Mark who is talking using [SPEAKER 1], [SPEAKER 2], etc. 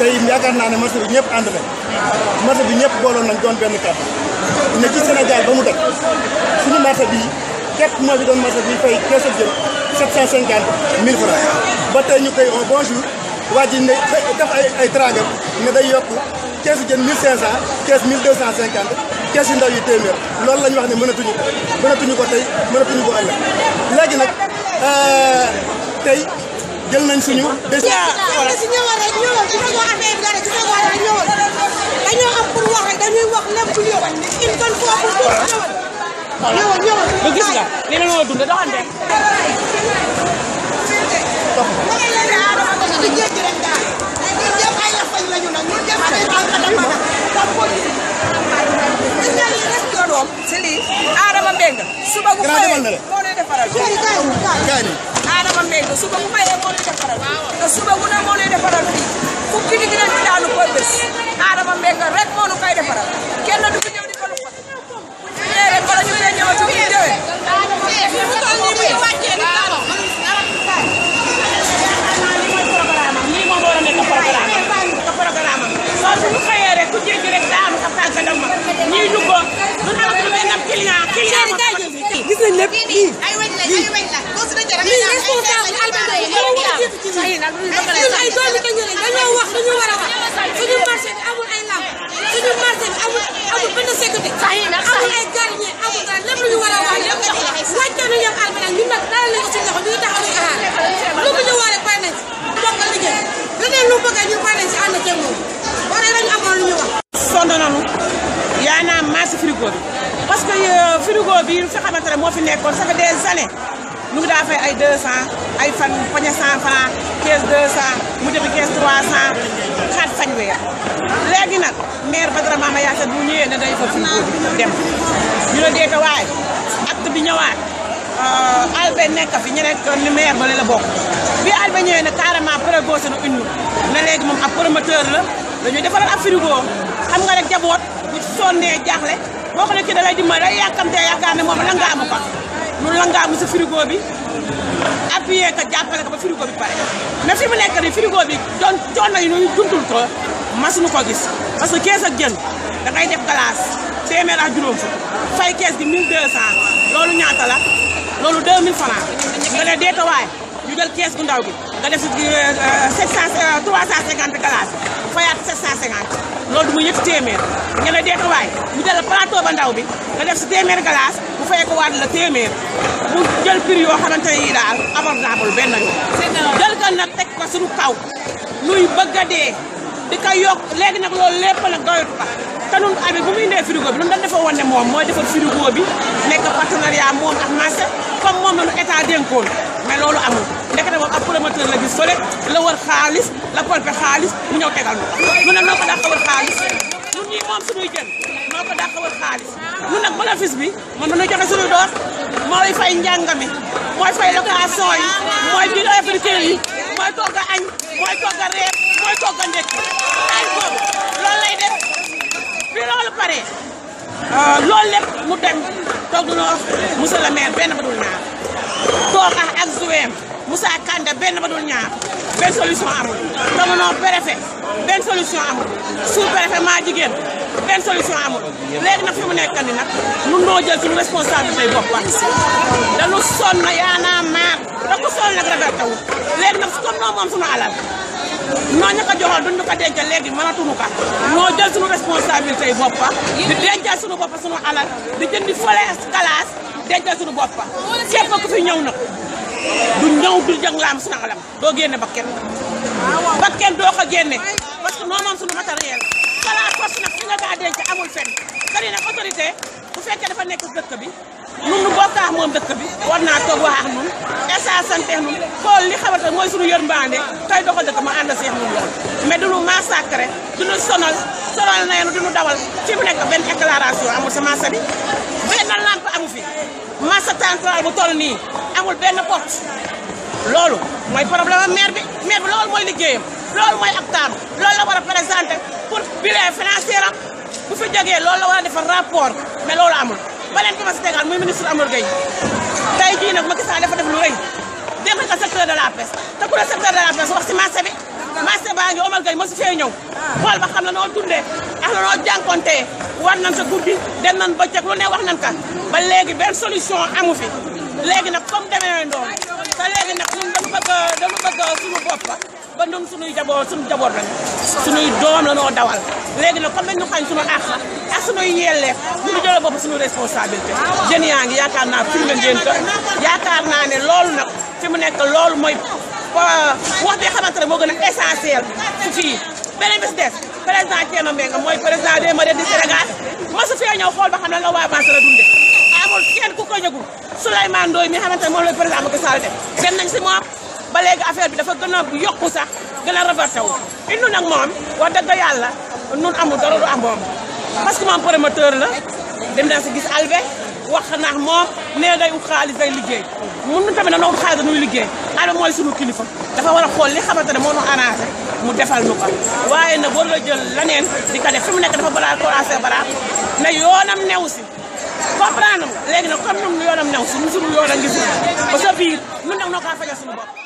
[SPEAKER 1] tey yaakaar naa ne marché bi ñëpp ànd nañ marché bi ñëpp booloon nañ doon benn kàddu ne ci Sénégal ba mu dëkk suñu marché bi képp moo fi doon marché bi fay keesu jën 750 mille francs ba tey ñu koy au bonjour waa ji ne def ay ay trangam ne day yokk keesu jën 1500 kees 1250 kees yu ndaw yi téeméer loolu la ñu wax ne mënatuñu ko mënatuñu ko tey mënatuñu ko ëllëg léegi nag euh, tey jël nañ suñu. déjà voilà si ñëwal rek ñëwal dafa wax affaire bi dara ci sa wàll ñëwal dañoo am pour wax rek dañuy wax lépp ñëwal une bonne fois pour tout ñëwal. ñëwal ñëwal. ba gis nga nee na loo dund doxante. Adama Mbengue suba gu xëyee moo lay defaral. Adama Mbengue suba bu fayee moo lay defaral te suba bu ne moo lay defaral fii fukki nit lañ fi daanu par bés Adama Mbengue rek moo nu koy defaral kenn du fi ñëw di ko lu xot buñ fi ñëwee rek bala ñu fee ñëwati bu ñu ñëwee gis nañ lépp lii lii responsable albert yi yow ay doomi Kañu ñu war a wax ay lamp suñu marché bi amul amul benn sécurité amul ay gardien amul lu ñu war a wax lépp wàcce nañu am albert nag dara lañ ko ci loxo ñu ngi taxaw ñu war a pare nañ lu ñu wax sonn nañu yaa naa masse frigo bi parce que euh, frigo bi fi xamante ne moo fi nekkoon ça fait des ñu ngi daa fay ay 200 ay fan pañe 100 francs kees 200 mu defi kees 300 xaat fañ weer léegi nag maire Badara Mama Yassine bu ñëwee ne day fa fi dem ñu ne deete waaye acte bi ñëwaat euh, albe nekk fi ñu nekk ni maire ba la bokk bi albe ñëwee ne carrément prégosé na uñu ne léegi moom ab promoteur la dañuy defaral ab frigo xam nga rek jaboot bu sonnee jaaxle boo ko ne ci da lay dimbali day yàkkamtee yaakaar ne moom la nga am ko mu langaamu si frigo bi appuyé ko jàppale ko ba frigo bi pare mais fi mu nekk nii frigo bi doon coono yi ñu juntul ko masuñu ko gis parce que kees ak jën da ngay def glace téeméer ak juróom fukk fay kees gi 1200 loolu ñaata la loolu 2000 francs nga ne deeta waay ñu kees gu ndaw bi nga def 700 euh, 350 euh, euh, glace fayaat 750. loolu du mu yëpp téeméer nga ne deeta mu jël plateau ba ndaw bi nga def si téeméer galaas bu fay ko waat la téeméer mu jël prix yoo xamante yi daal abordable benn yoon jël kan nag teg ko suñu kaw nuy bëgg a dee di ko yokk nag loolu lépp nag doyatu ba te nun abi bu muy indee frigo bi nun dañ dafa ne moom mooy defar frigo bi nekk partenariat moom ak marché moom la nu mais loolu amul ndekete moom ab promoteur la gis fële la war xaalis la pompe xaalis mu ñëw tegal ñu mu ne noo ko daa xawar ñun ñii moom suñuy jën noo ko daa xawar xaalis ñun bénéfice bi mën nañu joxe suñu door mooy fay njàngami mooy fay location yi mooy jël africain yi mooy togg a añ mooy togg a reer mooy ay lay def bi euh, mu dem ñaar toog ak ak Zouem Moussa benn ba dul ñaar benn solution amul Tomono préfet benn solution amul sous préfet maa jigéen benn solution amul léegi nag fi mu nekk nii nag nun noo jël suñu responsabilité yi bopp wax dañu sonn yaa naa maar da ko sonn nag rafet wu léegi nag noo moom suñu alal noo ñu ko joxoon duñ ko dencal léegi mënatuñu ko noo jël suñu responsabilité yi bopp di dencal suñu bopp suñu alal di jëndi fële escalade dencal suñu bopp ba képp ku fi ñëw nag du ñëw du jàng laam sangalam doo génne ba kenn ba kenn doo ko génne parce que noo moom suñu matériel kala kos nag fi nga gaa denc amul fenn kari nag autorité bu fekkee dafa nekk dëkk bi nun nu bokk ak moom dëkk bi war naa toog wax ak nun esa sante nun xool li xamante mooy sunu yërmande tey doxal dëkk ma ànd seex nun loolu mais du nu massacré du nu sonal sonal nañu du nu dawal fi nekk benn éclaration bi bi massa tantuwaay bu toll nii amul benn pot loolu mooy problème am bi maire bi loolu mooy liggéeyam loolu mooy ak taam loolu la war a présenté pour bilan financier am bu fi jógee loolu la war defar rapport mais loolu amul baleen bi ma si tegaat muy ministre Amadou Gueye tey jii nag ma gis dafa def lu rëy dégg nga secteur de la pêche te ku ne de la wax si marché bi marché baa ngi Omar ma mosu fee ñëw xool ba xam la noo dundee ak la noo jànkontee war nañ sa guddi dem nañ bëccëg lu ne wax nañ kan ba léegi benn solution amu fi léegi nag comme demee noonu te léegi nag ñun dañu bëgg dañu bëgg suñu bopp ba ñun suñuy jaboot suñu suñuy doom la noo dawal léegi nag comme dañu xañ suñu àq ak suñuy yelleef ñu ngi jëlee bopp suñu responsabilité jeunes yaa ngi yaakaar naa firnde ngeen ko yaakaar naa ne loolu nag fi mu nekk loolu mooy wax bi xamante moo gën a essentiel su fii beneen bis des président Thierno Mbengue mooy président des maires du Sénégal masu fee ñëw xool ba xam lan la waa Mansara dunde amul kenn ku ko yëgul Souleymane Ndoye mi xamante ne moom la président Macky Sall nañ si moom ba léegi bi dafa gën a yokku sax gën a reversé wu indu nag moom wax dëgg yàlla nun amul dara du am moom parce que moom la dem na si gis albe wax naax moom nee day ut xaalis day liggéey mun na tamit na ut xaalis dañuy liggéey ana mooy sunu kilifa dafa war a xool li xamante ne moo nu arrangé mu defal nu ko waaye nag war la jël leneen di ko def fi mu nekk dafa balaa commencé balaa ne yoonam new si comprendre nga léegi nag comme ñoom yoonam new si ñun suñu yoon a ngi si ba sa biir ñun nag noo kaa fajal suñu bopp